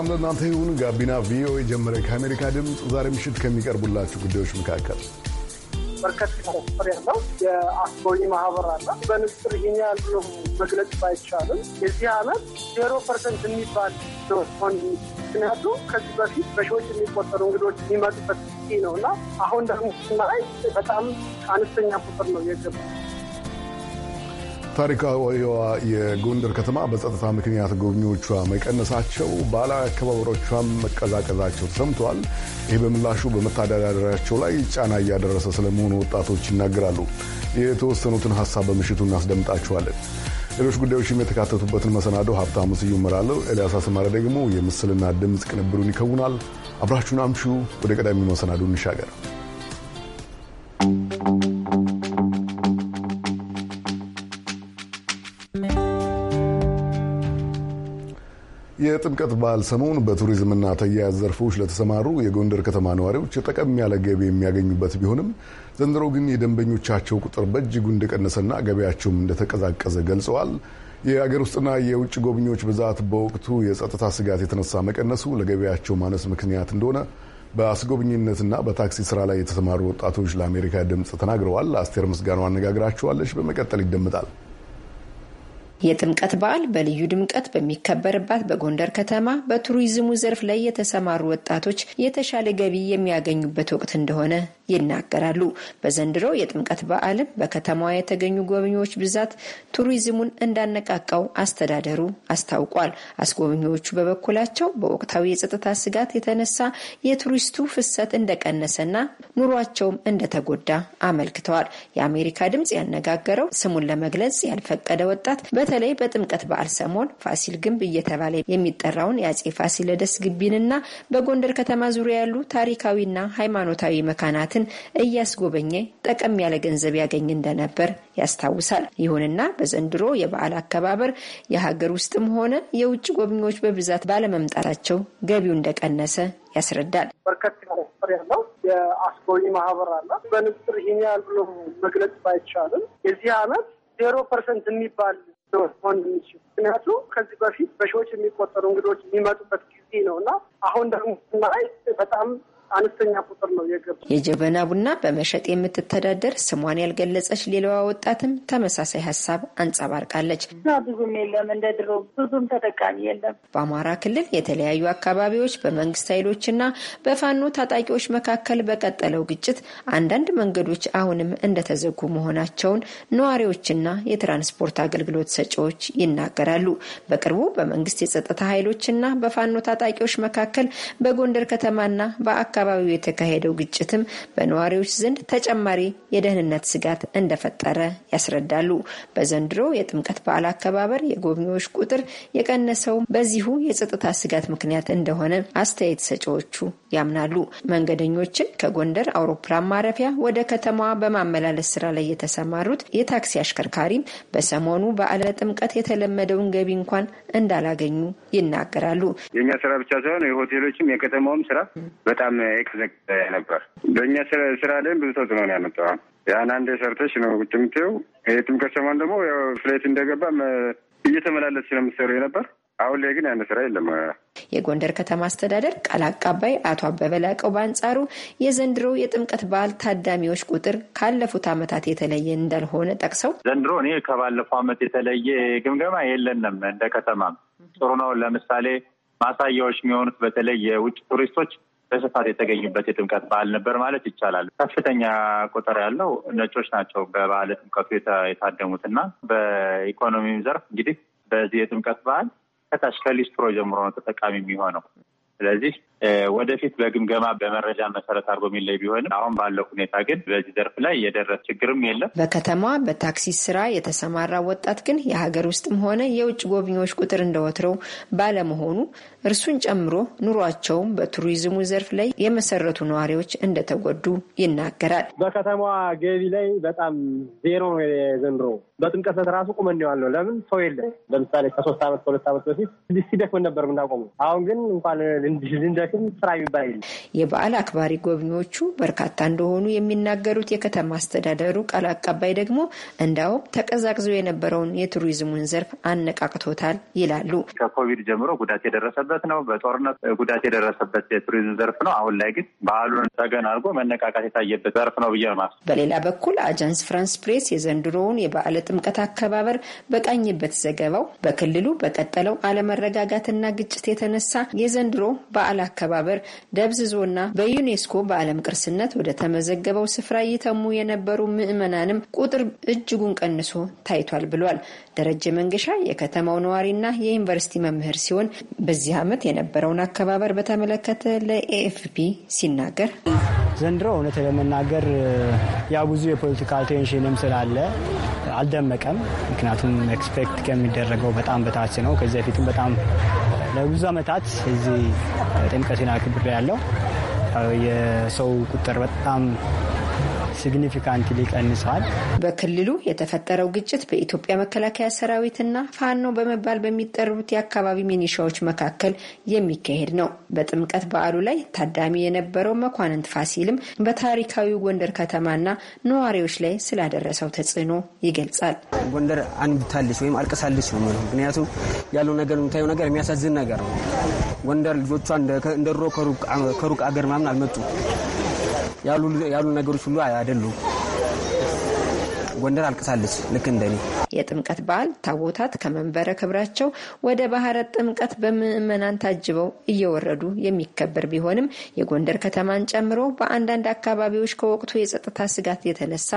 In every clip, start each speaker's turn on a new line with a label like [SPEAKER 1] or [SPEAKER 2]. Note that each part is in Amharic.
[SPEAKER 1] ሰላም ለእናንተ ይሁን። ጋቢና ቪኦኤ ጀመረ። ከአሜሪካ ድምፅ ዛሬ ምሽት ከሚቀርቡላችሁ ጉዳዮች መካከል
[SPEAKER 2] በርከት ቁጥር ያለው የአስቦይ ማህበር አለ። በንጽር ይህን ያሉ መግለጽ ባይቻልም የዚህ ዓመት ዜሮ ፐርሰንት የሚባል ሆን ምክንያቱ ከዚህ በፊት በሺዎች የሚቆጠሩ እንግዶች የሚመጡበት ነው እና አሁን ደግሞ ስናይ በጣም አነስተኛ
[SPEAKER 1] ቁጥር ነው የገባ ታሪካዊዋ የጎንደር ከተማ በጸጥታ ምክንያት ጎብኚዎቿ መቀነሳቸው ባለአከባበሮቿም መቀዛቀዛቸው ተሰምተዋል። ይህ በምላሹ በመተዳደሪያቸው ላይ ጫና እያደረሰ ስለመሆኑ ወጣቶች ይናገራሉ። የተወሰኑትን ሀሳብ በምሽቱ እናስደምጣችኋለን። ሌሎች ጉዳዮችም የተካተቱበትን መሰናዶ ሀብታሙ ስዩም እመራለሁ። ኤልያስ አስማረ ደግሞ የምስልና ድምፅ ቅንብሩን ይከውናል። አብራችሁን አምሹ። ወደ ቀዳሚው መሰናዶ እንሻገር። የጥምቀት በዓል ሰሞን በቱሪዝምና ተያያዝ ዘርፎች ለተሰማሩ የጎንደር ከተማ ነዋሪዎች ጠቀም ያለ ገቢ የሚያገኙበት ቢሆንም ዘንድሮ ግን የደንበኞቻቸው ቁጥር በእጅጉ እንደቀነሰና ገበያቸውም እንደተቀዛቀዘ ገልጸዋል። የአገር ውስጥና የውጭ ጎብኚዎች ብዛት በወቅቱ የጸጥታ ስጋት የተነሳ መቀነሱ ለገበያቸው ማነስ ምክንያት እንደሆነ በአስጎብኝነትና በታክሲ ስራ ላይ የተሰማሩ ወጣቶች ለአሜሪካ ድምፅ ተናግረዋል። አስቴር ምስጋናው አነጋግራቸዋለች። በመቀጠል ይደመጣል።
[SPEAKER 3] የጥምቀት በዓል በልዩ ድምቀት በሚከበርባት በጎንደር ከተማ በቱሪዝሙ ዘርፍ ላይ የተሰማሩ ወጣቶች የተሻለ ገቢ የሚያገኙበት ወቅት እንደሆነ ይናገራሉ። በዘንድሮ የጥምቀት በዓልም በከተማዋ የተገኙ ጎብኚዎች ብዛት ቱሪዝሙን እንዳነቃቃው አስተዳደሩ አስታውቋል። አስጎብኚዎቹ በበኩላቸው በወቅታዊ የጸጥታ ስጋት የተነሳ የቱሪስቱ ፍሰት እንደቀነሰና ኑሯቸውም እንደተጎዳ አመልክተዋል። የአሜሪካ ድምጽ ያነጋገረው ስሙን ለመግለጽ ያልፈቀደ ወጣት በተለይ በጥምቀት በዓል ሰሞን ፋሲል ግንብ እየተባለ የሚጠራውን የአጼ ፋሲለደስ ግቢንና በጎንደር ከተማ ዙሪያ ያሉ ታሪካዊና ሃይማኖታዊ መካናትን ተቋማትን እያስጎበኘ ጠቀም ያለ ገንዘብ ያገኝ እንደነበር ያስታውሳል። ይሁንና በዘንድሮ የበዓል አከባበር የሀገር ውስጥም ሆነ የውጭ ጎብኚዎች በብዛት ባለመምጣታቸው ገቢው እንደቀነሰ ያስረዳል።
[SPEAKER 2] በርከት ያለው የአስጎብኚ ማህበር አለ። በንጽር ይህን ያህል ብሎ መግለጽ ባይቻልም የዚህ አመት ዜሮ ፐርሰንት የሚባል ሆን የሚችል ምክንያቱ ከዚህ በፊት በሺዎች የሚቆጠሩ እንግዶች የሚመጡበት ጊዜ ነው እና አሁን ደግሞ ስናይ በጣም አነስተኛ ቁጥር ነው የገቡ።
[SPEAKER 3] የጀበና ቡና በመሸጥ የምትተዳደር ስሟን ያልገለጸች ሌላዋ ወጣትም ተመሳሳይ ሀሳብ አንጸባርቃለች።
[SPEAKER 2] ብዙም የለም እንደ ድሮ
[SPEAKER 3] ብዙም ተጠቃሚ የለም። በአማራ ክልል የተለያዩ አካባቢዎች በመንግስት ኃይሎችና በፋኖ ታጣቂዎች መካከል በቀጠለው ግጭት አንዳንድ መንገዶች አሁንም እንደተዘጉ መሆናቸውን ነዋሪዎችና የትራንስፖርት አገልግሎት ሰጪዎች ይናገራሉ። በቅርቡ በመንግስት የጸጥታ ኃይሎችና በፋኖ ታጣቂዎች መካከል በጎንደር ከተማና በአካባቢ በአካባቢው የተካሄደው ግጭትም በነዋሪዎች ዘንድ ተጨማሪ የደህንነት ስጋት እንደፈጠረ ያስረዳሉ። በዘንድሮ የጥምቀት በዓል አከባበር የጎብኚዎች ቁጥር የቀነሰው በዚሁ የጸጥታ ስጋት ምክንያት እንደሆነ አስተያየት ሰጪዎቹ ያምናሉ። መንገደኞችን ከጎንደር አውሮፕላን ማረፊያ ወደ ከተማዋ በማመላለስ ስራ ላይ የተሰማሩት የታክሲ አሽከርካሪም በሰሞኑ በዓለ ጥምቀት የተለመደውን ገቢ እንኳን እንዳላገኙ ይናገራሉ።
[SPEAKER 4] የእኛ ስራ ብቻ ሳይሆን የሆቴሎችም የከተማውም ስራ በጣም የተዘጋ ነበር። በእኛ ስራ ላይም ብዙ ተጽዕኖ ነው ያመጣው። ያን አንዴ ሰርተሽ ነው ቁጭ የምትይው። የጥምቀት ሰሞን ደግሞ ያው ፍሌት እንደገባም እየተመላለስ ስለምትሰሩ ነበር። አሁን ላይ ግን ያን ስራ የለም።
[SPEAKER 3] የጎንደር ከተማ አስተዳደር ቃል አቃባይ አቶ አበበ ላቀው በአንጻሩ የዘንድሮ የጥምቀት በዓል ታዳሚዎች ቁጥር ካለፉት ዓመታት
[SPEAKER 4] የተለየ እንዳልሆነ ጠቅሰው ዘንድሮ እኔ ከባለፈው ዓመት የተለየ ግምገማ የለንም። እንደ ከተማም ጥሩ ነው። ለምሳሌ ማሳያዎች የሚሆኑት በተለይ የውጭ ቱሪስቶች በስፋት የተገኙበት የጥምቀት በዓል ነበር ማለት ይቻላል። ከፍተኛ ቁጥር ያለው ነጮች ናቸው በባህል ጥምቀቱ የታደሙት እና በኢኮኖሚም ዘርፍ እንግዲህ በዚህ የጥምቀት በዓል ከታች ከሊስትሮ ጀምሮ ነው ተጠቃሚ የሚሆነው። ስለዚህ ወደፊት በግምገማ በመረጃ መሰረት አድርጎ የሚለይ ቢሆንም አሁን ባለው ሁኔታ ግን በዚህ ዘርፍ ላይ የደረስ ችግርም የለም።
[SPEAKER 3] በከተማ በታክሲ ስራ የተሰማራ ወጣት ግን የሀገር ውስጥም ሆነ የውጭ ጎብኚዎች ቁጥር እንደወትረው ባለመሆኑ እርሱን ጨምሮ ኑሯቸውም በቱሪዝሙ ዘርፍ ላይ የመሰረቱ ነዋሪዎች እንደተጎዱ ይናገራል።
[SPEAKER 2] በከተማ ገቢ ላይ በጣም ዜሮ ዘንድሮ በጥምቀት ራሱ ቁመን ዋለው ለምን ሰው የለም። ለምሳሌ ከሶስት ዓመት ከሁለት ዓመት በፊት ስደክመን ነበር ምናቆሙ አሁን ግን እንኳን ማለትም ስራ የሚባል
[SPEAKER 3] የበዓል አክባሪ ጎብኚዎቹ በርካታ እንደሆኑ የሚናገሩት የከተማ አስተዳደሩ ቃል አቀባይ ደግሞ እንዳውም ተቀዛቅዞ የነበረውን የቱሪዝሙን ዘርፍ አነቃቅቶታል ይላሉ።
[SPEAKER 4] ከኮቪድ ጀምሮ ጉዳት የደረሰበት ነው። በጦርነት ጉዳት የደረሰበት የቱሪዝም ዘርፍ ነው። አሁን ላይ ግን በዓሉን ተገን አድርጎ መነቃቃት የታየበት ዘርፍ ነው ብዬ ነው።
[SPEAKER 3] በሌላ በኩል አጃንስ ፍራንስ ፕሬስ የዘንድሮውን የበዓለ ጥምቀት አከባበር በቃኝበት ዘገባው በክልሉ በቀጠለው አለመረጋጋትና ግጭት የተነሳ የዘንድሮ በዓል አከባበር ደብዝዞና በዩኔስኮ በዓለም ቅርስነት ወደ ተመዘገበው ስፍራ እየተሙ የነበሩ ምዕመናንም ቁጥር እጅጉን ቀንሶ ታይቷል ብሏል። ደረጀ መንገሻ የከተማው ነዋሪና የዩኒቨርሲቲ መምህር ሲሆን በዚህ ዓመት የነበረውን አከባበር በተመለከተ ለኤኤፍፒ ሲናገር
[SPEAKER 2] ዘንድሮ እውነት ለመናገር ያ ብዙ የፖለቲካል ቴንሽንም ስላለ አልደመቀም። ምክንያቱም ኤክስፔክት ከሚደረገው በጣም በታች ነው። ከዚህ በፊትም በጣም ለብዙ ዓመታት እዚህ ጥምቀቴን አክብሬ ያለው የሰው ቁጥር በጣም ሲግኒፊካንትሊ ቀንሰዋል።
[SPEAKER 3] በክልሉ የተፈጠረው ግጭት በኢትዮጵያ መከላከያ ሰራዊትና ፋኖ በመባል በሚጠሩት የአካባቢ ሚኒሻዎች መካከል የሚካሄድ ነው። በጥምቀት በዓሉ ላይ ታዳሚ የነበረው መኳንንት ፋሲልም በታሪካዊ ጎንደር ከተማና ነዋሪዎች ላይ ስላደረሰው ተጽዕኖ ይገልጻል። ጎንደር
[SPEAKER 2] አንብታለች ወይም አልቅሳለች ነው። ምክንያቱም ያለው ነገር የምታየው ነገር የሚያሳዝን ነገር ነው። ጎንደር ልጆቿ እንደድሮ ከሩቅ
[SPEAKER 3] አገር ምናምን አልመጡም። ያሉ ነገሮች ሁሉ አይደሉም።
[SPEAKER 4] ጎንደር አልቅሳለች። ልክ እንደኔ
[SPEAKER 3] የጥምቀት በዓል ታቦታት ከመንበረ ክብራቸው ወደ ባህረ ጥምቀት በምዕመናን ታጅበው እየወረዱ የሚከበር ቢሆንም የጎንደር ከተማን ጨምሮ በአንዳንድ አካባቢዎች ከወቅቱ የጸጥታ ስጋት የተነሳ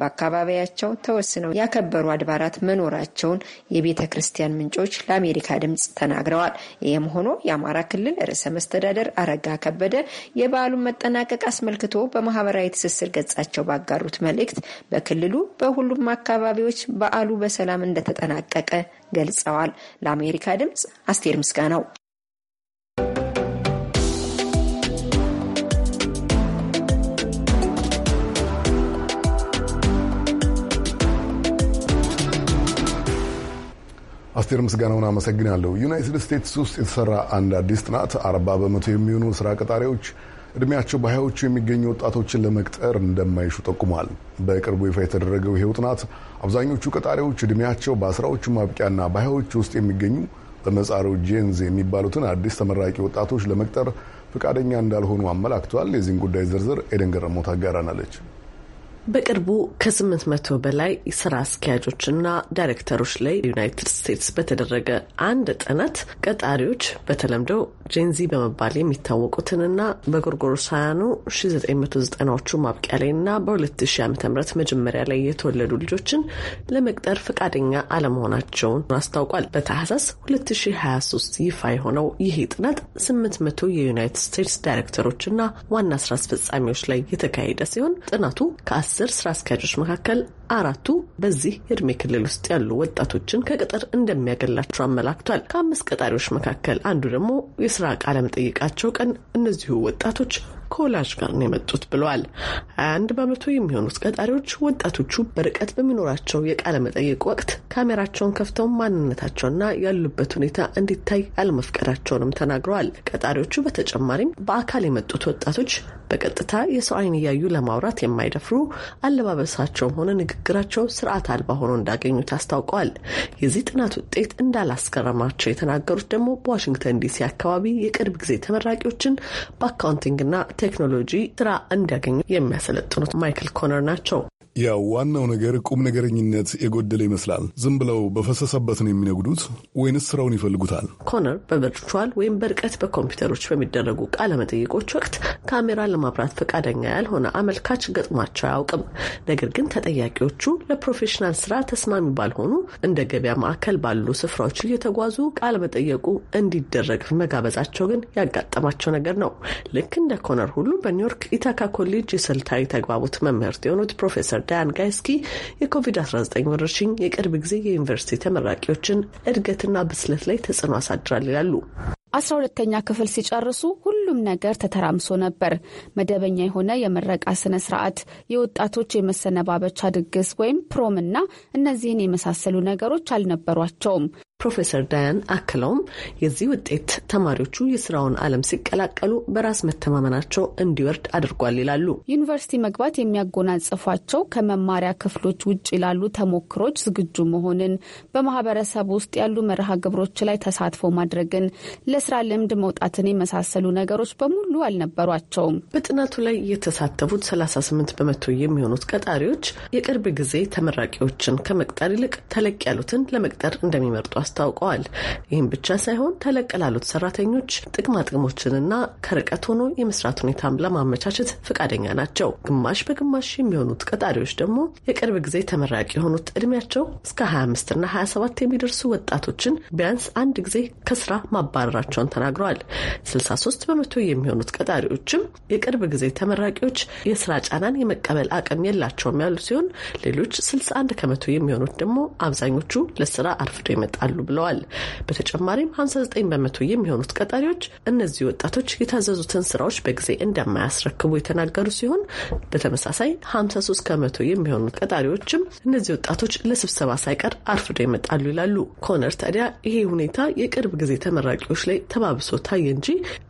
[SPEAKER 3] በአካባቢያቸው ተወስነው ያከበሩ አድባራት መኖራቸውን የቤተ ክርስቲያን ምንጮች ለአሜሪካ ድምጽ ተናግረዋል። ይህም ሆኖ የአማራ ክልል ርዕሰ መስተዳደር አረጋ ከበደ የበዓሉን መጠናቀቅ አስመልክቶ በማህበራዊ ትስስር ገጻቸው ባጋሩት መልእክት በክልሉ በ በሁሉም አካባቢዎች በዓሉ በሰላም እንደተጠናቀቀ ገልጸዋል። ለአሜሪካ ድምፅ አስቴር ምስጋናው።
[SPEAKER 1] አስቴር ምስጋናውን አመሰግናለሁ። ዩናይትድ ስቴትስ ውስጥ የተሰራ አንድ አዲስ ጥናት አርባ በመቶ የሚሆኑ ስራ ቀጣሪዎች እድሜያቸው በሀያዎቹ የሚገኙ ወጣቶችን ለመቅጠር እንደማይሹ ጠቁሟል። በቅርቡ ይፋ የተደረገው ይሄው ጥናት አብዛኞቹ ቀጣሪዎች እድሜያቸው በአስራዎቹ ማብቂያና በሀያዎቹ ውስጥ የሚገኙ በመጻሩ ጄንዝ የሚባሉትን አዲስ ተመራቂ ወጣቶች ለመቅጠር ፈቃደኛ እንዳልሆኑ አመላክቷል። የዚህን ጉዳይ ዝርዝር ኤደን ገረሞት አጋራናለች።
[SPEAKER 5] በቅርቡ ከ መቶ በላይ ስራ አስኪያጆችና ዳይሬክተሮች ላይ ዩናይትድ ስቴትስ በተደረገ አንድ ጥናት ቀጣሪዎች በተለምደው ጄንዚ በመባል የሚታወቁትንና በጎርጎሮሳውያኑ 1990ዎቹ ማብቂያ ላይ እና በ2000 ዓ.ም መጀመሪያ ላይ የተወለዱ ልጆችን ለመቅጠር ፈቃደኛ አለመሆናቸውን አስታውቋል። በታህሳስ 2023 ይፋ የሆነው ይህ ጥናት 800 የዩናይትድ ስቴትስ ዳይሬክተሮችና ዋና ስራ አስፈጻሚዎች ላይ የተካሄደ ሲሆን ጥናቱ ከ አስር ስራ አስኪያጆች መካከል አራቱ በዚህ የእድሜ ክልል ውስጥ ያሉ ወጣቶችን ከቅጥር እንደሚያገላቸው አመላክቷል። ከአምስት ቀጣሪዎች መካከል አንዱ ደግሞ የስራ ቃለመጠይቃቸው ቀን እነዚሁ ወጣቶች ከወላጅ ጋር ነው የመጡት ብለዋል። አንድ በመቶ የሚሆኑት ቀጣሪዎች ወጣቶቹ በርቀት በሚኖራቸው የቃለ መጠይቅ ወቅት ካሜራቸውን ከፍተው ማንነታቸውና ያሉበት ሁኔታ እንዲታይ አለመፍቀዳቸውንም ተናግረዋል። ቀጣሪዎቹ በተጨማሪም በአካል የመጡት ወጣቶች በቀጥታ የሰው አይን እያዩ ለማውራት የማይደፍሩ አለባበሳቸውም ሆነ ንግግራቸው ስርዓት አልባ ሆኖ እንዳገኙት አስታውቀዋል። የዚህ ጥናት ውጤት እንዳላስገረማቸው የተናገሩት ደግሞ በዋሽንግተን ዲሲ አካባቢ የቅርብ ጊዜ ተመራቂዎችን በአካውንቲንግና ቴክኖሎጂ ስራ እንዲያገኙ የሚያሰለጥኑት
[SPEAKER 1] ማይክል ኮነር ናቸው። ያው ዋናው ነገር ቁም ነገረኝነት የጎደለ ይመስላል። ዝም ብለው በፈሰሰበት ነው የሚነጉዱት ወይንስ ስራውን ይፈልጉታል? ኮነር በቨርቹዋል ወይም በርቀት በኮምፒውተሮች በሚደረጉ ቃለመጠይቆች ወቅት
[SPEAKER 5] ካሜራ ለማብራት ፈቃደኛ ያልሆነ አመልካች ገጥሟቸው አያውቅም። ነገር ግን ተጠያቂዎቹ ለፕሮፌሽናል ስራ ተስማሚ ባልሆኑ እንደ ገበያ ማዕከል ባሉ ስፍራዎች እየተጓዙ ቃለመጠየቁ እንዲደረግ መጋበዛቸው ግን ያጋጠማቸው ነገር ነው። ልክ እንደ ኮነር ሁሉ በኒውዮርክ ኢታካ ኮሌጅ የስልታዊ ተግባቦት መምህርት የሆኑት ፕሮፌሰር ዳያን ጋይስኪ የኮቪድ-19 ወረርሽኝ የቅርብ ጊዜ የዩኒቨርሲቲ ተመራቂዎችን እድገትና ብስለት ላይ ተጽዕኖ አሳድራል ይላሉ።
[SPEAKER 6] አስራ ሁለተኛ ክፍል ሲጨርሱ ሁሉም ነገር ተተራምሶ ነበር። መደበኛ የሆነ የምረቃ ስነ ስርዓት፣ የወጣቶች የመሰነባበቻ ድግስ ወይም ፕሮምና እነዚህን የመሳሰሉ ነገሮች አልነበሯቸውም። ፕሮፌሰር ዳያን አክለውም የዚህ ውጤት ተማሪዎቹ የስራውን ዓለም ሲቀላቀሉ በራስ መተማመናቸው
[SPEAKER 5] እንዲወርድ አድርጓል ይላሉ።
[SPEAKER 6] ዩኒቨርሲቲ መግባት የሚያጎናጽፏቸው ከመማሪያ ክፍሎች ውጭ ላሉ ተሞክሮች ዝግጁ መሆንን፣ በማህበረሰብ ውስጥ ያሉ መርሃ ግብሮች ላይ ተሳትፎ ማድረግን፣ ለስራ ልምድ መውጣትን የመሳሰሉ ነገሮች በሙሉ አልነበሯቸውም። በጥናቱ ላይ የተሳተፉት 38 በመቶ የሚሆኑት ቀጣሪዎች የቅርብ
[SPEAKER 5] ጊዜ ተመራቂዎችን ከመቅጠር ይልቅ ተለቅ ያሉትን ለመቅጠር እንደሚመርጧል አስታውቀዋል። ይህም ብቻ ሳይሆን ተለቅ ላሉት ሰራተኞች ጥቅማ ጥቅሞችንና ከርቀት ሆኖ የመስራት ሁኔታም ለማመቻቸት ፈቃደኛ ናቸው። ግማሽ በግማሽ የሚሆኑት ቀጣሪዎች ደግሞ የቅርብ ጊዜ ተመራቂ የሆኑት እድሜያቸው እስከ 25ና 27 የሚደርሱ ወጣቶችን ቢያንስ አንድ ጊዜ ከስራ ማባረራቸውን ተናግረዋል። 63 በመቶ የሚሆኑት ቀጣሪዎችም የቅርብ ጊዜ ተመራቂዎች የስራ ጫናን የመቀበል አቅም የላቸውም ያሉ ሲሆን ሌሎች 61 ከመቶ የሚሆኑት ደግሞ አብዛኞቹ ለስራ አርፍዶ ይመጣሉ ይችላሉ ብለዋል። በተጨማሪም 59 በመቶ የሚሆኑት ቀጣሪዎች እነዚህ ወጣቶች የታዘዙትን ስራዎች በጊዜ እንደማያስረክቡ የተናገሩ ሲሆን በተመሳሳይ 53 ከመቶ የሚሆኑት ቀጣሪዎችም እነዚህ ወጣቶች ለስብሰባ ሳይቀር አርፍዶ ይመጣሉ ይላሉ። ኮነር ታዲያ ይሄ ሁኔታ የቅርብ ጊዜ ተመራቂዎች ላይ ተባብሶ ታየ እንጂ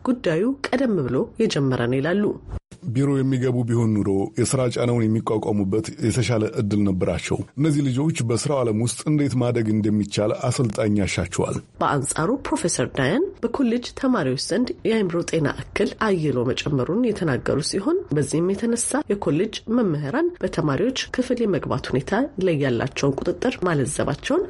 [SPEAKER 5] ጉዳዩ ቀደም ብሎ የጀመረ ነው
[SPEAKER 1] ይላሉ። ቢሮ የሚገቡ ቢሆን ኑሮ የስራ ጫናውን የሚቋቋሙበት የተሻለ እድል ነበራቸው። እነዚህ ልጆች በስራው ዓለም ውስጥ እንዴት ማደግ እንደሚቻል አሰልጣኝ ያሻቸዋል።
[SPEAKER 5] በአንጻሩ ፕሮፌሰር ዳያን በኮሌጅ ተማሪዎች ዘንድ የአእምሮ ጤና እክል አይሎ መጨመሩን የተናገሩ ሲሆን በዚህም የተነሳ የኮሌጅ መምህራን በተማሪዎች ክፍል የመግባት ሁኔታ ላይ ያላቸውን ቁጥጥር ማለዘባቸውን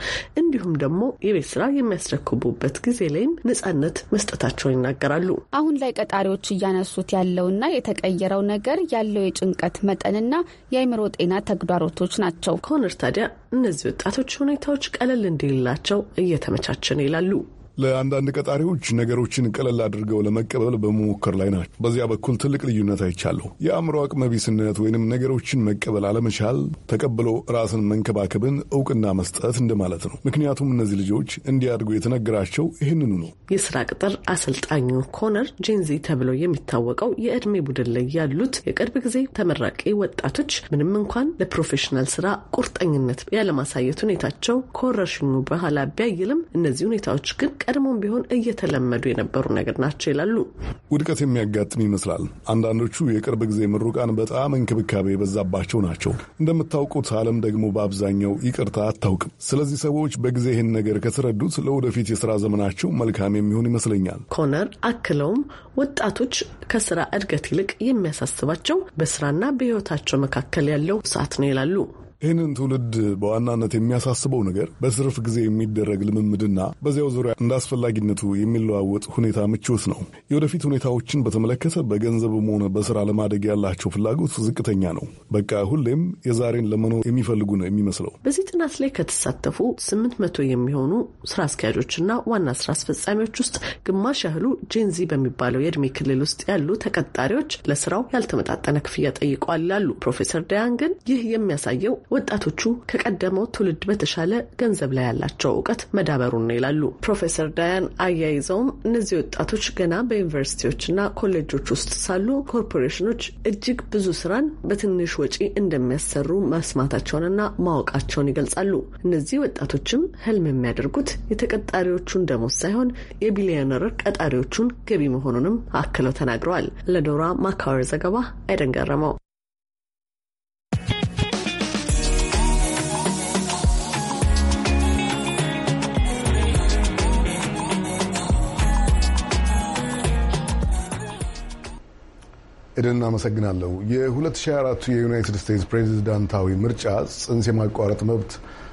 [SPEAKER 5] እንዲሁም ደግሞ የቤት ስራ የሚያስረክቡበት ጊዜ ላይም ነጻነት መስጠታቸውን ይናገራሉ።
[SPEAKER 6] አሁን ላይ ቀጣሪዎች እያነሱት ያለውና የተቀየ የሚቀየረው ነገር ያለው የጭንቀት መጠንና የአይምሮ ጤና ተግዳሮቶች ናቸው። ኮነር ታዲያ
[SPEAKER 5] እነዚህ ወጣቶች ሁኔታዎች ቀለል እንዲልላቸው እየተመቻቸን ይላሉ።
[SPEAKER 1] ለአንዳንድ ቀጣሪዎች ነገሮችን ቀለል አድርገው ለመቀበል በመሞከር ላይ ናቸው። በዚያ በኩል ትልቅ ልዩነት አይቻለሁ። የአእምሮ አቅመቢስነት ወይንም ነገሮችን መቀበል አለመቻል ተቀብሎ ራስን መንከባከብን እውቅና መስጠት እንደማለት ነው። ምክንያቱም እነዚህ ልጆች እንዲያድጉ የተነገራቸው ይህንኑ ነው። የስራ ቅጥር አሰልጣኙ ኮነር ጄንዚ ተብለው የሚታወቀው የእድሜ
[SPEAKER 5] ቡድን ላይ ያሉት የቅርብ ጊዜ ተመራቂ ወጣቶች ምንም እንኳን ለፕሮፌሽናል ስራ ቁርጠኝነት ያለማሳየት ሁኔታቸው ከወረርሽኙ በኋላ ቢያይልም እነዚህ ሁኔታዎች ግን
[SPEAKER 1] ቀድሞም ቢሆን እየተለመዱ የነበሩ ነገር ናቸው ይላሉ። ውድቀት የሚያጋጥም ይመስላል። አንዳንዶቹ የቅርብ ጊዜ ምሩቃን በጣም እንክብካቤ የበዛባቸው ናቸው። እንደምታውቁት ዓለም ደግሞ በአብዛኛው ይቅርታ አታውቅም። ስለዚህ ሰዎች በጊዜ ይህን ነገር ከተረዱት ለወደፊት የስራ ዘመናቸው መልካም የሚሆን ይመስለኛል። ኮነር አክለውም ወጣቶች ከስራ እድገት ይልቅ የሚያሳስባቸው በስራና በህይወታቸው መካከል ያለው ሰዓት ነው ይላሉ። ይህንን ትውልድ በዋናነት የሚያሳስበው ነገር በትርፍ ጊዜ የሚደረግ ልምምድና በዚያው ዙሪያ እንደ አስፈላጊነቱ የሚለዋወጥ ሁኔታ ምቾት ነው። የወደፊት ሁኔታዎችን በተመለከተ በገንዘብም ሆነ በስራ ለማደግ ያላቸው ፍላጎት ዝቅተኛ ነው። በቃ ሁሌም የዛሬን ለመኖር የሚፈልጉ ነው የሚመስለው። በዚህ ጥናት ላይ ከተሳተፉ ስምንት መቶ የሚሆኑ ስራ አስኪያጆችና ዋና
[SPEAKER 5] ስራ አስፈጻሚዎች ውስጥ ግማሽ ያህሉ ጄንዚ በሚባለው የእድሜ ክልል ውስጥ ያሉ ተቀጣሪዎች ለስራው ያልተመጣጠነ ክፍያ ጠይቀዋል ይላሉ ፕሮፌሰር ዳያን። ግን ይህ የሚያሳየው ወጣቶቹ ከቀደመው ትውልድ በተሻለ ገንዘብ ላይ ያላቸው እውቀት መዳበሩን ነው ይላሉ ፕሮፌሰር ዳያን። አያይዘውም እነዚህ ወጣቶች ገና በዩኒቨርሲቲዎችና ኮሌጆች ውስጥ ሳሉ ኮርፖሬሽኖች እጅግ ብዙ ስራን በትንሽ ወጪ እንደሚያሰሩ መስማታቸውንና ማወቃቸውን ይገልጻሉ። እነዚህ ወጣቶችም ህልም የሚያደርጉት የተቀጣሪዎቹን ደሞዝ ሳይሆን የቢሊዮነር ቀጣሪዎቹን ገቢ መሆኑንም አክለው ተናግረዋል። ለዶራ ማካወር ዘገባ አይደንገረመው
[SPEAKER 1] ኤደን አመሰግናለሁ የ የ2024 የዩናይትድ ስቴትስ ፕሬዚዳንታዊ ምርጫ ጽንስ የማቋረጥ መብት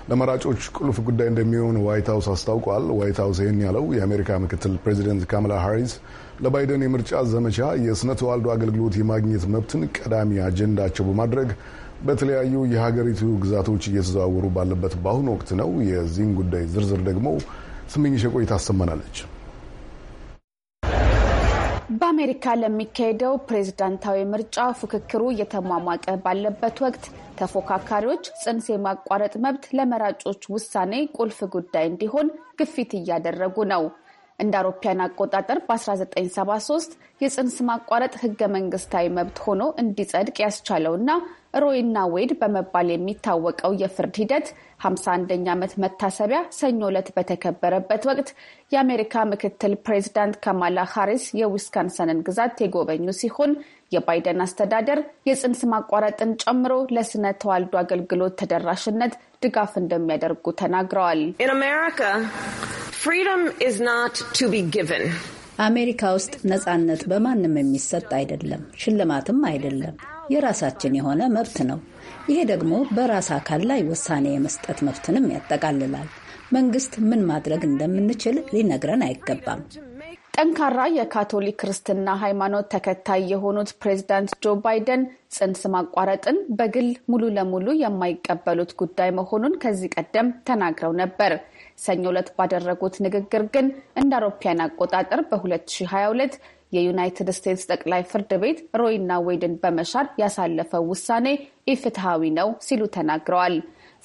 [SPEAKER 1] ለመራጮች ቁልፍ ጉዳይ እንደሚሆን ዋይት ሀውስ አስታውቋል። ዋይት ሀውስ ይህን ያለው የአሜሪካ ምክትል ፕሬዚደንት ካማላ ሃሪስ ለባይደን የምርጫ ዘመቻ የስነ ተዋልዶ አገልግሎት የማግኘት መብትን ቀዳሚ አጀንዳቸው በማድረግ በተለያዩ የሀገሪቱ ግዛቶች እየተዘዋወሩ ባለበት በአሁኑ ወቅት ነው። የዚህን ጉዳይ ዝርዝር ደግሞ ስምኝሽ ቆይታ አሰማናለች።
[SPEAKER 6] በአሜሪካ ለሚካሄደው ፕሬዝዳንታዊ ምርጫ ፉክክሩ እየተሟሟቀ ባለበት ወቅት ተፎካካሪዎች ጽንስ የማቋረጥ መብት ለመራጮች ውሳኔ ቁልፍ ጉዳይ እንዲሆን ግፊት እያደረጉ ነው። እንደ አውሮፓያን አቆጣጠር በ1973 የጽንስ ማቋረጥ ህገ መንግስታዊ መብት ሆኖ እንዲጸድቅ ያስቻለውና ሮይና ዌድ በመባል የሚታወቀው የፍርድ ሂደት 51ኛ ዓመት መታሰቢያ ሰኞ ዕለት በተከበረበት ወቅት የአሜሪካ ምክትል ፕሬዚዳንት ካማላ ሃሪስ የዊስካንሰንን ግዛት የጎበኙ ሲሆን የባይደን አስተዳደር የጽንስ ማቋረጥን ጨምሮ ለስነ ተዋልዶ አገልግሎት ተደራሽነት ድጋፍ እንደሚያደርጉ ተናግረዋል።
[SPEAKER 3] አሜሪካ ውስጥ ነጻነት በማንም የሚሰጥ አይደለም፣ ሽልማትም አይደለም። የራሳችን የሆነ መብት ነው። ይሄ ደግሞ በራስ አካል ላይ ውሳኔ የመስጠት መብትንም ያጠቃልላል። መንግስት ምን ማድረግ እንደምንችል
[SPEAKER 6] ሊነግረን አይገባም። ጠንካራ የካቶሊክ ክርስትና ሃይማኖት ተከታይ የሆኑት ፕሬዚዳንት ጆ ባይደን ጽንስ ማቋረጥን በግል ሙሉ ለሙሉ የማይቀበሉት ጉዳይ መሆኑን ከዚህ ቀደም ተናግረው ነበር። ሰኞ ዕለት ባደረጉት ንግግር ግን እንደ አውሮፓያን አቆጣጠር በ2022 የዩናይትድ ስቴትስ ጠቅላይ ፍርድ ቤት ሮይና ዌድን በመሻር ያሳለፈው ውሳኔ ኢፍትሐዊ ነው ሲሉ ተናግረዋል።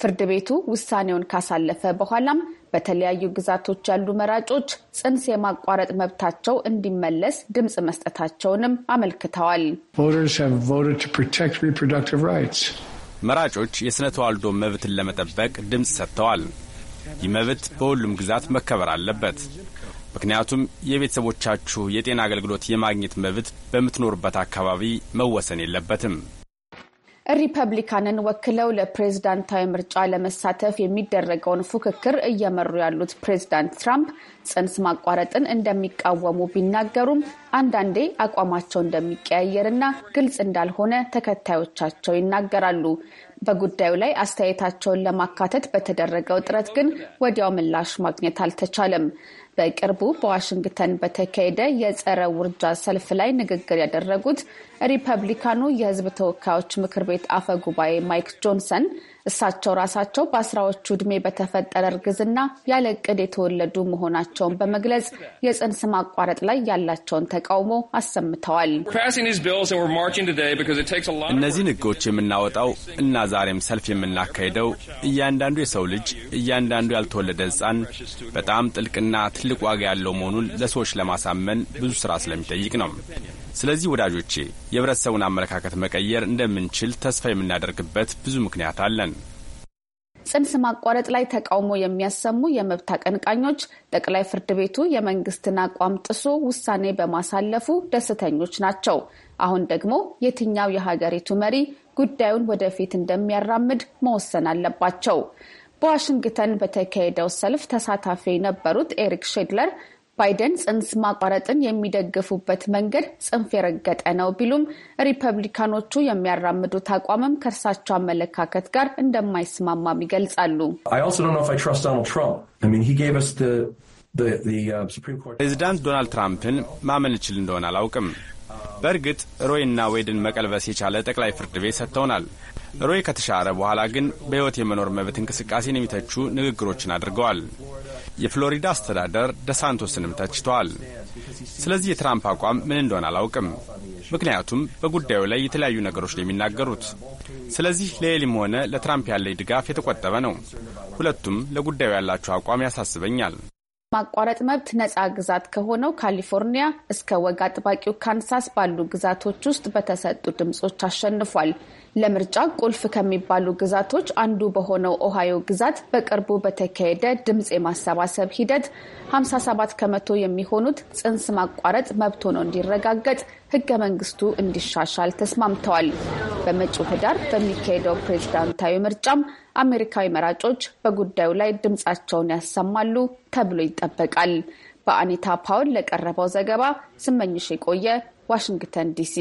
[SPEAKER 6] ፍርድ ቤቱ ውሳኔውን ካሳለፈ በኋላም በተለያዩ ግዛቶች ያሉ መራጮች ጽንስ የማቋረጥ መብታቸው እንዲመለስ ድምፅ መስጠታቸውንም አመልክተዋል።
[SPEAKER 4] መራጮች የስነ ተዋልዶ መብትን ለመጠበቅ ድምፅ ሰጥተዋል። ይህ መብት በሁሉም ግዛት መከበር አለበት። ምክንያቱም የቤተሰቦቻችሁ የጤና አገልግሎት የማግኘት መብት በምትኖርበት አካባቢ መወሰን የለበትም።
[SPEAKER 6] ሪፐብሊካንን ወክለው ለፕሬዝዳንታዊ ምርጫ ለመሳተፍ የሚደረገውን ፉክክር እየመሩ ያሉት ፕሬዝዳንት ትራምፕ ጽንስ ማቋረጥን እንደሚቃወሙ ቢናገሩም አንዳንዴ አቋማቸው እንደሚቀያየርና ግልጽ እንዳልሆነ ተከታዮቻቸው ይናገራሉ። በጉዳዩ ላይ አስተያየታቸውን ለማካተት በተደረገው ጥረት ግን ወዲያው ምላሽ ማግኘት አልተቻለም። በቅርቡ በዋሽንግተን በተካሄደ የጸረ ውርጃ ሰልፍ ላይ ንግግር ያደረጉት ሪፐብሊካኑ የህዝብ ተወካዮች ምክር ቤት አፈ ጉባኤ ማይክ ጆንሰን እሳቸው ራሳቸው በአስራዎቹ ዕድሜ በተፈጠረ እርግዝና ያለ ዕቅድ የተወለዱ መሆናቸውን በመግለጽ የጽንስ ማቋረጥ ላይ ያላቸውን ተቃውሞ አሰምተዋል።
[SPEAKER 4] እነዚህን ህጎች የምናወጣው እና ዛሬም ሰልፍ የምናካሄደው እያንዳንዱ የሰው ልጅ እያንዳንዱ ያልተወለደ ህፃን በጣም ጥልቅና ትልቅ ዋጋ ያለው መሆኑን ለሰዎች ለማሳመን ብዙ ስራ ስለሚጠይቅ ነው። ስለዚህ ወዳጆቼ የህብረተሰቡን አመለካከት መቀየር እንደምንችል ተስፋ የምናደርግበት ብዙ ምክንያት አለን።
[SPEAKER 6] ጽንስ ማቋረጥ ላይ ተቃውሞ የሚያሰሙ የመብት አቀንቃኞች ጠቅላይ ፍርድ ቤቱ የመንግስትን አቋም ጥሶ ውሳኔ በማሳለፉ ደስተኞች ናቸው። አሁን ደግሞ የትኛው የሀገሪቱ መሪ ጉዳዩን ወደፊት እንደሚያራምድ መወሰን አለባቸው። በዋሽንግተን በተካሄደው ሰልፍ ተሳታፊ የነበሩት ኤሪክ ሼድለር ባይደን ጽንስ ማቋረጥን የሚደግፉበት መንገድ ጽንፍ የረገጠ ነው ቢሉም ሪፐብሊካኖቹ የሚያራምዱት አቋምም ከእርሳቸው አመለካከት ጋር እንደማይስማማም ይገልጻሉ።
[SPEAKER 5] uh,
[SPEAKER 4] ፕሬዚዳንት ዶናልድ ትራምፕን ማመን እችል እንደሆነ አላውቅም። በእርግጥ ሮይ እና ዌድን መቀልበስ የቻለ ጠቅላይ ፍርድ ቤት ሰጥተውናል። ሮይ ከተሻረ በኋላ ግን በሕይወት የመኖር መብት እንቅስቃሴን የሚተቹ ንግግሮችን አድርገዋል። የፍሎሪዳ አስተዳደር ደሳንቶስንም ተችተዋል። ስለዚህ የትራምፕ አቋም ምን እንደሆነ አላውቅም፣ ምክንያቱም በጉዳዩ ላይ የተለያዩ ነገሮች ነው የሚናገሩት። ስለዚህ ለየሊም ሆነ ለትራምፕ ያለኝ ድጋፍ የተቆጠበ ነው። ሁለቱም ለጉዳዩ ያላቸው አቋም ያሳስበኛል።
[SPEAKER 6] ማቋረጥ መብት ነጻ ግዛት ከሆነው ካሊፎርኒያ እስከ ወግ አጥባቂው ካንሳስ ባሉ ግዛቶች ውስጥ በተሰጡ ድምጾች አሸንፏል። ለምርጫ ቁልፍ ከሚባሉ ግዛቶች አንዱ በሆነው ኦሃዮ ግዛት በቅርቡ በተካሄደ ድምፅ የማሰባሰብ ሂደት 57 ከመቶ የሚሆኑት ጽንስ ማቋረጥ መብት ሆኖ እንዲረጋገጥ ህገ መንግስቱ እንዲሻሻል ተስማምተዋል። በመጪው ህዳር በሚካሄደው ፕሬዝዳንታዊ ምርጫም አሜሪካዊ መራጮች በጉዳዩ ላይ ድምፃቸውን ያሰማሉ ተብሎ ይጠበቃል። በአኒታ ፓውል ለቀረበው ዘገባ ስመኝሽ የቆየ ዋሽንግተን ዲሲ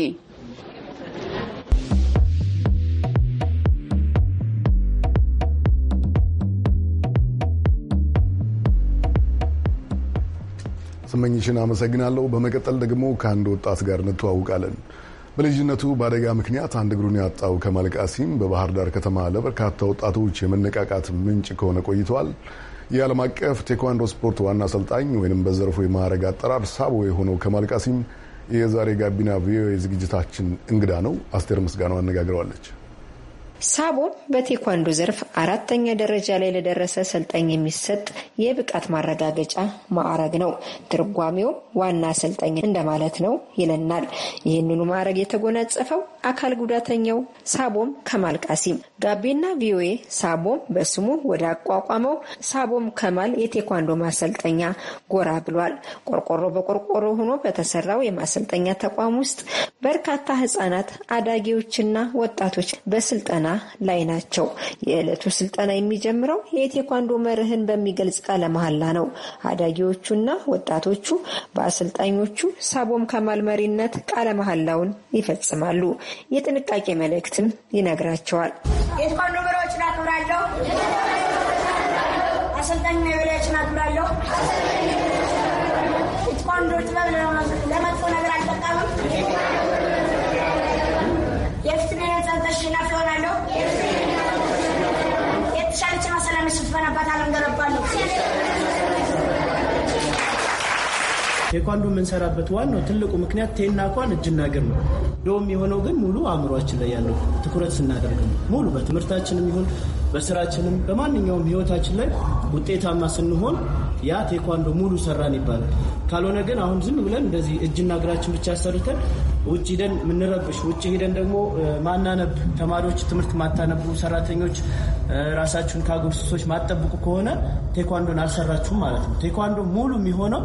[SPEAKER 1] ስመኝሽን አመሰግናለሁ። በመቀጠል ደግሞ ከአንድ ወጣት ጋር እንተዋውቃለን። በልጅነቱ በአደጋ ምክንያት አንድ እግሩን ያጣው ከማል ቃሲም በባህር ዳር ከተማ ለበርካታ ወጣቶች የመነቃቃት ምንጭ ከሆነ ቆይተዋል። የዓለም አቀፍ ቴኳንዶ ስፖርት ዋና አሰልጣኝ ወይም በዘርፉ የማዕረግ አጠራር ሳቦ የሆነው ከማል ቃሲም የዛሬ ጋቢና ቪኦኤ ዝግጅታችን እንግዳ ነው። አስቴር ምስጋናው አነጋግረዋለች።
[SPEAKER 3] ሳቦን በቴኳንዶ ዘርፍ አራተኛ ደረጃ ላይ ለደረሰ ሰልጠኝ የሚሰጥ የብቃት ማረጋገጫ ማዕረግ ነው። ትርጓሜውም ዋና አሰልጣኝ እንደማለት ነው ይለናል። ይህንኑ ማዕረግ የተጎናጸፈው አካል ጉዳተኛው ሳቦም ከማል ቃሲም ጋቢና ቪኦኤ ሳቦም በስሙ ወደ አቋቋመው ሳቦም ከማል የቴኳንዶ ማሰልጠኛ ጎራ ብሏል። ቆርቆሮ በቆርቆሮ ሆኖ በተሰራው የማሰልጠኛ ተቋም ውስጥ በርካታ ህጻናት፣ አዳጊዎችና ወጣቶች በስልጠና ላይ ናቸው። የዕለቱ ስልጠና የሚጀምረው የቴኳንዶ መርህን በሚገልጽ ቃለ መሐላ ነው። አዳጊዎቹና ወጣቶቹ በአሰልጣኞቹ ሳቦም ከማል መሪነት ቃለ መሐላውን ይፈጽማሉ። የጥንቃቄ መልእክትም ይነግራቸዋል። የቴኳንዶ መሪዎችን አክብራለሁ። አሰልጣኝ መሪዎችን አክብራለሁ።
[SPEAKER 2] ቴኳንዶ የምንሰራበት ዋናው ትልቁ ምክንያት ቴና ኳን እጅና እግር ነው። ዶም የሆነው ግን ሙሉ አእምሯችን ላይ ያለው ትኩረት ስናደርግ ነው። ሙሉ በትምህርታችንም ይሁን በስራችንም በማንኛውም ህይወታችን ላይ ውጤታማ ስንሆን ያ ቴኳንዶ ሙሉ ሰራን ይባላል። ካልሆነ ግን አሁን ዝም ብለን እንደዚህ እጅና እግራችን ብቻ ሰርተን ውጭ ሂደን የምንረብሽ ውጭ ሂደን ደግሞ ማናነብ ተማሪዎች ትምህርት ማታነቡ ሰራተኞች ራሳችሁን ከአጉል ሱሶች ማጠብቁ ከሆነ ቴኳንዶን አልሰራችሁም ማለት ነው። ቴኳንዶ ሙሉ የሚሆነው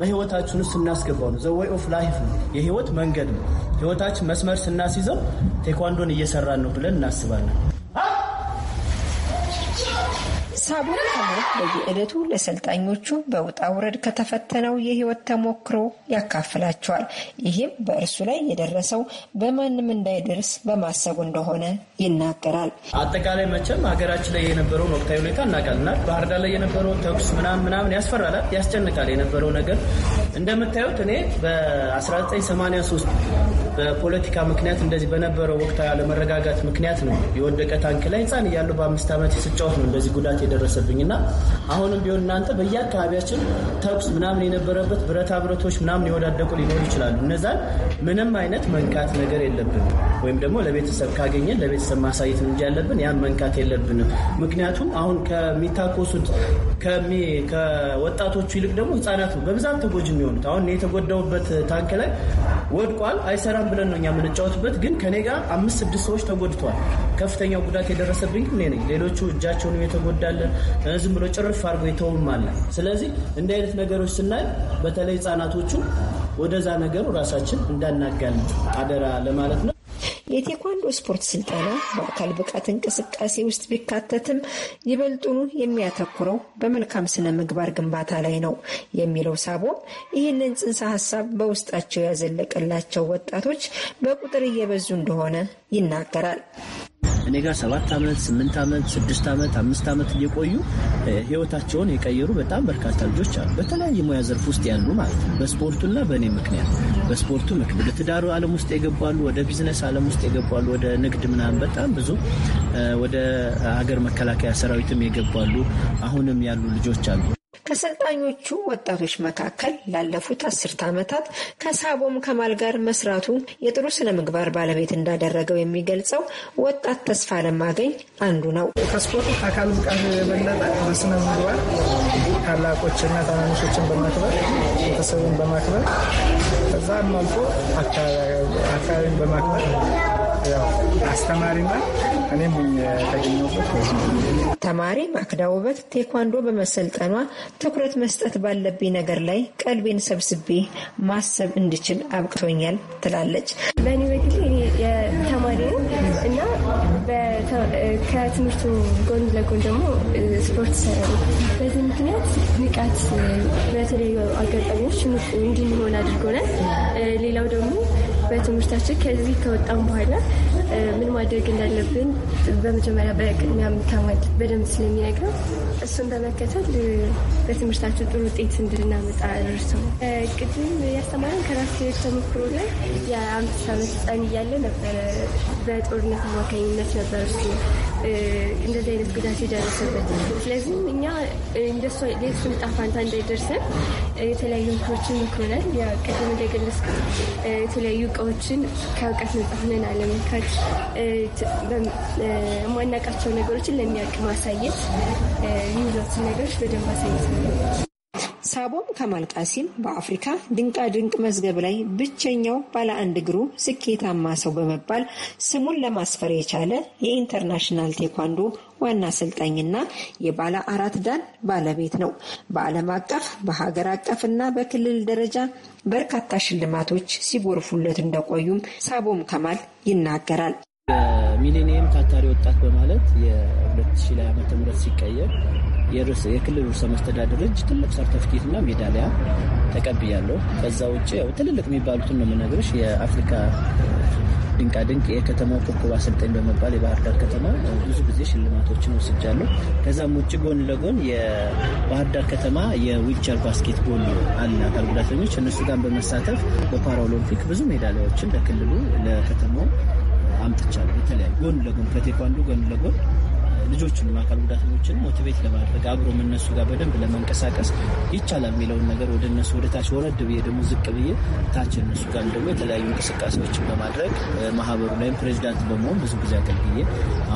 [SPEAKER 2] በህይወታችን ውስጥ ስናስገባው ነው። ዘወይ ኦፍ ላይፍ ነው፣ የህይወት መንገድ ነው። ህይወታችን መስመር ስናስይዘው ቴኳንዶን እየሰራን ነው ብለን እናስባለን።
[SPEAKER 3] ሀሳቡ ከሞት በየዕለቱ ለሰልጣኞቹ በውጣ ውረድ ከተፈተነው የህይወት ተሞክሮ ያካፍላቸዋል። ይህም በእርሱ ላይ የደረሰው በማንም እንዳይደርስ በማሰቡ እንደሆነ ይናገራል።
[SPEAKER 2] አጠቃላይ መቼም ሀገራችን ላይ የነበረውን ወቅታዊ ሁኔታ እናውቃልናል። ባህር ዳር ላይ የነበረው ተኩስ ምናምን ምናምን ያስፈራላል፣ ያስጨንቃል የነበረው ነገር እንደምታዩት እኔ በ1983 በፖለቲካ ምክንያት እንደዚህ በነበረው ወቅታዊ አለመረጋጋት ምክንያት ነው የወደቀ ታንክ ላይ ህፃን እያሉ በአምስት ዓመት ስጫወት ነው እንደዚህ ጉዳት የደረሰብኝ እና አሁንም ቢሆን እናንተ በየአካባቢያችን ተኩስ ምናምን የነበረበት ብረታ ብረቶች ምናምን የወዳደቁ ሊኖሩ ይችላሉ። እነዛን ምንም አይነት መንካት ነገር የለብን ወይም ደግሞ ለቤተሰብ ካገኘን ለቤተሰብ ማሳየት እንጂ ያለብን ያን መንካት የለብንም። ምክንያቱም አሁን ከሚታኮሱት ከወጣቶቹ ይልቅ ደግሞ ህጻናት ነው በብዛት ተጎጂ የሚሆኑት። አሁን የተጎዳውበት ታንክ ላይ ወድቋል፣ አይሰራም ምናምን ብለን ነው እኛ የምንጫወትበት። ግን ከኔ ጋር አምስት ስድስት ሰዎች ተጎድተዋል። ከፍተኛው ጉዳት የደረሰብኝ ግን እኔ ነኝ። ሌሎቹ እጃቸውን የተጎዳለን ዝም ብሎ ጭርፍ አድርጎ የተውም አለ። ስለዚህ እንዲህ አይነት ነገሮች ስናይ በተለይ ህጻናቶቹ ወደዛ ነገሩ ራሳችን እንዳናጋል አደራ
[SPEAKER 3] ለማለት ነው። የቴኳንዶ ስፖርት ስልጠና በአካል ብቃት እንቅስቃሴ ውስጥ ቢካተትም ይበልጡኑ የሚያተኩረው በመልካም ስነ ምግባር ግንባታ ላይ ነው የሚለው ሳቦም ይህንን ጽንሰ ሀሳብ በውስጣቸው ያዘለቀላቸው ወጣቶች በቁጥር እየበዙ እንደሆነ ይናገራል።
[SPEAKER 2] እኔ ጋር ሰባት ዓመት ስምንት ዓመት ስድስት ዓመት አምስት ዓመት እየቆዩ ህይወታቸውን የቀየሩ በጣም በርካታ ልጆች አሉ። በተለያየ ሙያ ዘርፍ ውስጥ ያሉ ማለት ነው። በስፖርቱና በእኔ ምክንያት በስፖርቱ ምክንያት ወደ ትዳሩ ዓለም ውስጥ የገባሉ፣ ወደ ቢዝነስ ዓለም ውስጥ የገባሉ፣ ወደ ንግድ ምናምን በጣም ብዙ ወደ ሀገር መከላከያ ሰራዊትም የገባሉ አሁንም ያሉ ልጆች አሉ።
[SPEAKER 3] ከሰልጣኞቹ ወጣቶች መካከል ላለፉት አስርት ዓመታት ከሳቦም ከማል ጋር መስራቱ የጥሩ ስነ ምግባር ባለቤት እንዳደረገው የሚገልጸው ወጣት ተስፋ ለማገኝ አንዱ ነው።
[SPEAKER 2] ከስፖርት አካል ብቃት የበለጠ በስነ ምግባር ታላቆችና ታናናሾችን በማክበር ቤተሰብን በማክበር ከዛም አልፎ አካባቢን በማክበር አስተማሪና እኔም የተገኘበት
[SPEAKER 3] ተማሪ ማክዳ ውበት ቴኳንዶ በመሰልጠኗ ትኩረት መስጠት ባለብኝ ነገር ላይ ቀልቤን ሰብስቤ ማሰብ እንድችል አብቅቶኛል ትላለች። በእኔ በግሌ የተማሪ እና ከትምህርቱ ጎን ለጎን ደግሞ ስፖርት ሰራ። በዚህ ምክንያት ንቃት በተለያዩ አጋጣሚዎች እንድንሆን አድርጎናል። ሌላው ደግሞ በትምህርታችን ከዚህ ከወጣም በኋላ ምን ማድረግ እንዳለብን በመጀመሪያ በቅድሚያ ምታማድ በደንብ ስለሚነግረው እሱን በመከተል በትምህርታቸው ጥሩ ውጤት እንድናመጣ ደርሰው ቅድም ያስተማረን ከራስ ተሞክሮ ላይ የአምስት ዓመት
[SPEAKER 6] ህፃን እያለ ነበረ። በጦርነት አማካኝነት ነበር እሱ እንደዚህ
[SPEAKER 2] አይነት
[SPEAKER 3] ጉዳት የደረሰበት። ስለዚህም እኛ እንደሱ ዕጣ ፈንታ እንዳይደርሰን የተለያዩ ምክሮችን መክሮናል። ቅድም እንደገለጽኩት የተለያዩ እቃዎችን ከእውቀት ነፃ ሆነን አለመካድ፣ የማናውቃቸው ነገሮችን ለሚያውቅ ማሳየት የሚይዟትን ነገሮች በደንብ ሳቦም ከማል ቃሲም በአፍሪካ ድንቃ ድንቅ መዝገብ ላይ ብቸኛው ባለ አንድ እግሩ ስኬታማ ሰው በመባል ስሙን ለማስፈር የቻለ የኢንተርናሽናል ቴኳንዶ ዋና አሰልጣኝና የባለ አራት ዳን ባለቤት ነው። በዓለም አቀፍ በሀገር አቀፍና በክልል ደረጃ በርካታ ሽልማቶች ሲጎርፉለት እንደቆዩም ሳቦም ከማል ይናገራል።
[SPEAKER 2] ሚሌኒየም ታታሪ ወጣት በማለት የ2000 ላይ ዓመተ ምህረት ሲቀየር የክልል ርዕሰ መስተዳድር እጅ ትልቅ ሰርተፍኬት እና ሜዳሊያ ተቀብያለሁ። ከዛ ውጭ ትልልቅ የሚባሉትን ነው የምነግርሽ። የአፍሪካ ድንቃድንቅ የከተማው ኮከብ አሰልጣኝ በመባል የባህር ዳር ከተማ ብዙ ጊዜ ሽልማቶችን ወስጃለሁ። ከዛም ውጭ ጎን ለጎን የባህር ዳር ከተማ የዊልቸር ባስኬት ባስኬትቦል አለ አካል ጉዳተኞች እነሱ ጋር በመሳተፍ በፓራኦሎምፒክ ብዙ ሜዳሊያዎችን ለክልሉ ለከተማው አምጥቻለሁ። የተለያዩ ጎን ለጎን ከቴኳንዶ ጎን ለጎን ልጆችን አካል ጉዳተኞችን ሞቲቬት ለማድረግ አብሮ እነሱ ጋር በደንብ ለመንቀሳቀስ ይቻላል የሚለውን ነገር ወደ እነሱ ወደ ታች ወረድ ብዬ ደግሞ ዝቅ ብዬ ታች እነሱ ጋር ደግሞ የተለያዩ እንቅስቃሴዎችን በማድረግ ማህበሩ ላይም ፕሬዚዳንት በመሆን ብዙ ጊዜ አገልግዬ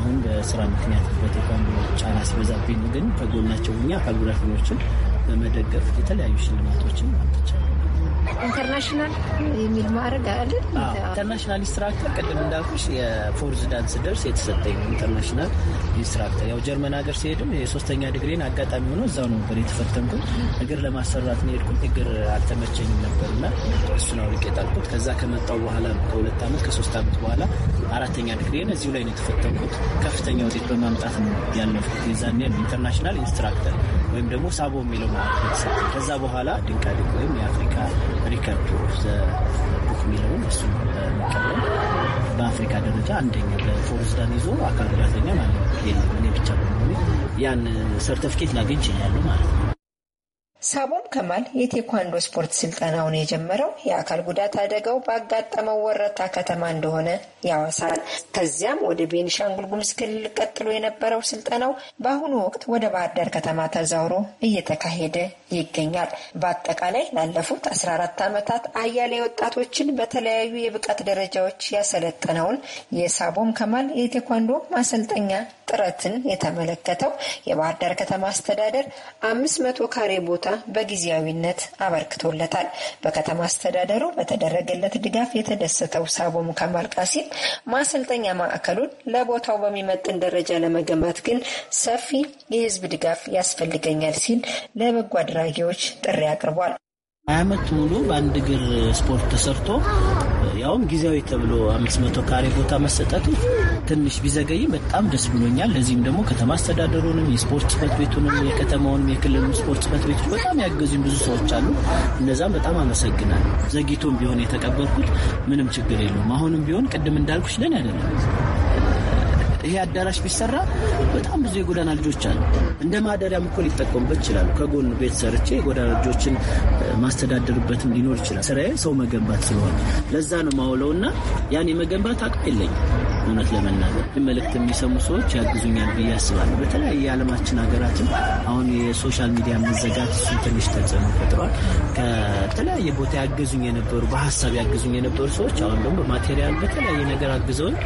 [SPEAKER 2] አሁን በስራ ምክንያት በቴኳንዶ ጫና ሲበዛብኝ ግን ከጎናቸው ሁኜ አካል ጉዳተኞችን በመደገፍ የተለያዩ
[SPEAKER 3] ሽልማቶችን አምጥቻለሁ። ኢንተርናሽናል የሚል ማዕረግ አለ። ኢንተርናሽናል
[SPEAKER 2] ኢንስትራክተር ቅድም እንዳልኩሽ የፎርዝ ዳንስ ደርስ የተሰጠኝ ኢንተርናሽናል ኢንስትራክተር ያው ጀርመን ሀገር ሲሄድም የሶስተኛ ዲግሪን አጋጣሚ ሆኖ እዛው ነበር የተፈተንኩት። እግር ለማሰራት ነው የሄድኩት። እግር አልተመቸኝም ነበር ነበርና እሱን አውልቄ የጣልኩት። ከዛ ከመጣው በኋላ ከሁለት ዓመት ከሶስት ዓመት በኋላ አራተኛ ዲግሪን እዚሁ ላይ ነው የተፈተንኩት። ከፍተኛ ውጤት በማምጣት ነው ያለፍኩት። የዛኔ ኢንተርናሽናል ኢንስትራክተር ወይም ደግሞ ሳቦ የሚለው ማለት ከዛ በኋላ ድንቃድንቅ ወይም የአፍሪካ ሪከርድ ኦፍ ዘ ቡክ የሚለውን እሱ uh, የሚቀበል በአፍሪካ ደረጃ አንደኛ ለፎር ሱዳን ይዞ አካል ጉዳተኛ ማለት እኔ ብቻ በመሆኑ ያን ሰርተፍኬት ላገኝ ይችላሉ ማለት ነው።
[SPEAKER 3] ሳቦም ከማል የቴኳንዶ ስፖርት ስልጠናውን የጀመረው የአካል ጉዳት አደጋው ባጋጠመው ወረታ ከተማ እንደሆነ ያወሳል። ከዚያም ወደ ቤኒሻንጉል ጉሙዝ ክልል ቀጥሎ የነበረው ስልጠናው በአሁኑ ወቅት ወደ ባህር ዳር ከተማ ተዛውሮ እየተካሄደ ይገኛል። በአጠቃላይ ላለፉት 14 ዓመታት አያሌ ወጣቶችን በተለያዩ የብቃት ደረጃዎች ያሰለጠነውን የሳቦም ከማል የቴኳንዶ ማሰልጠኛ ጥረትን የተመለከተው የባህር ዳር ከተማ አስተዳደር አምስት መቶ ካሬ ቦታ በጊዜያዊነት አበርክቶለታል። በከተማ አስተዳደሩ በተደረገለት ድጋፍ የተደሰተው ሳቦም ከማል ቃሲል ማሰልጠኛ ማዕከሉን ለቦታው በሚመጥን ደረጃ ለመገንባት ግን ሰፊ የህዝብ ድጋፍ ያስፈልገኛል ሲል ለበጎ አድራጊዎች ጥሪ አቅርቧል።
[SPEAKER 2] ሀያ ዓመት ሙሉ በአንድ እግር ስፖርት ተሰርቶ ያውም ጊዜያዊ ተብሎ አምስት መቶ ካሬ ቦታ መሰጠቱ ትንሽ ቢዘገይም በጣም ደስ ብሎኛል። ለዚህም ደግሞ ከተማ አስተዳደሩንም የስፖርት ጽፈት ቤቱንም የከተማውንም የክልሉን ስፖርት ጽፈት ቤቶች በጣም ያገዙኝ ብዙ ሰዎች አሉ። እነዛም በጣም አመሰግናል። ዘግይቶም ቢሆን የተቀበልኩት ምንም ችግር የለውም። አሁንም ቢሆን ቅድም እንዳልኩች ለን አይደለም ይሄ አዳራሽ ቢሰራ በጣም ብዙ የጎዳና ልጆች አሉ። እንደ ማደሪያም እኮ ሊጠቀሙበት ይችላሉ። ከጎን ቤት ሰርቼ የጎዳና ልጆችን ማስተዳደርበትም ሊኖር ይችላል። ስራዬ ሰው መገንባት ስለሆነ ለዛ ነው ማውለው እና ያን የመገንባት አቅም የለኝም። እውነት ለመናገር መልእክት የሚሰሙ ሰዎች ያግዙኛል ብዬ አስባለሁ። በተለያየ የዓለማችን ሀገራትም አሁን የሶሻል ሚዲያ መዘጋት እሱ ትንሽ ተጽዕኖ ፈጥሯል። ከተለያየ ቦታ ያገዙኝ የነበሩ በሀሳብ ያገዙኝ የነበሩ ሰዎች አሁን ደግሞ በማቴሪያል በተለያየ ነገር አግዘውን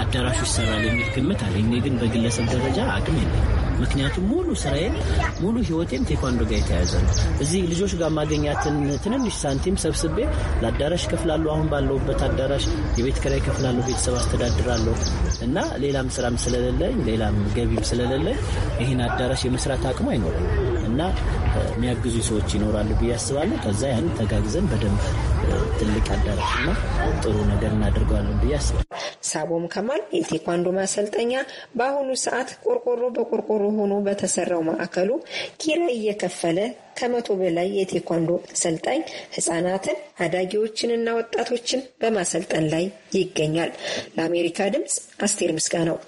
[SPEAKER 2] አዳራሹ ይሰራል የሚል ግምት አለኝ። እኔ ግን በግለሰብ ደረጃ አቅም የለኝ። ምክንያቱም ሙሉ ስራዬን ሙሉ ህይወቴም ቴኳንዶ ጋር የተያዘ ነው። እዚህ ልጆች ጋር ማገኛትን ትንንሽ ሳንቲም ሰብስቤ ለአዳራሽ ከፍላለሁ። አሁን ባለሁበት አዳራሽ የቤት ከላይ ከፍላለሁ፣ ቤተሰብ አስተዳድራለሁ እና ሌላም ስራም ስለሌለኝ ሌላም ገቢም ስለሌለኝ ይህን አዳራሽ የመስራት አቅሙ አይኖርም እና የሚያግዙ ሰዎች ይኖራሉ ብዬ
[SPEAKER 3] አስባለሁ። ከዛ ያን ተጋግዘን በደንብ ትልቅ አዳራሽና ጥሩ ነገር እናደርገዋለን ብዬ አስባለሁ። ሳቦም ከማል የቴኳንዶ ማሰልጠኛ በአሁኑ ሰዓት ቆርቆሮ በቆርቆሮ ሆኖ በተሰራው ማዕከሉ ኪራይ እየከፈለ ከመቶ በላይ የቴኳንዶ አሰልጣኝ ህጻናትን፣ አዳጊዎችንና ወጣቶችን በማሰልጠን ላይ ይገኛል። ለአሜሪካ ድምፅ አስቴር ምስጋናው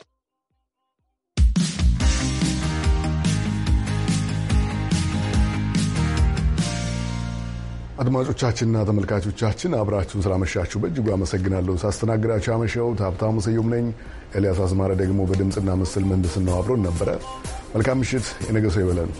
[SPEAKER 1] አድማጮቻችንና ተመልካቾቻችን አብራችሁን ስላመሻችሁ በእጅጉ አመሰግናለሁ። ሳስተናግዳችሁ አመሻውት ሀብታሙ ስዩም ነኝ። ኤልያስ አስማረ ደግሞ በድምፅና ምስል ምህንድስናው አብሮን ነበረ። መልካም ምሽት። የነገ ሰው ይበለን።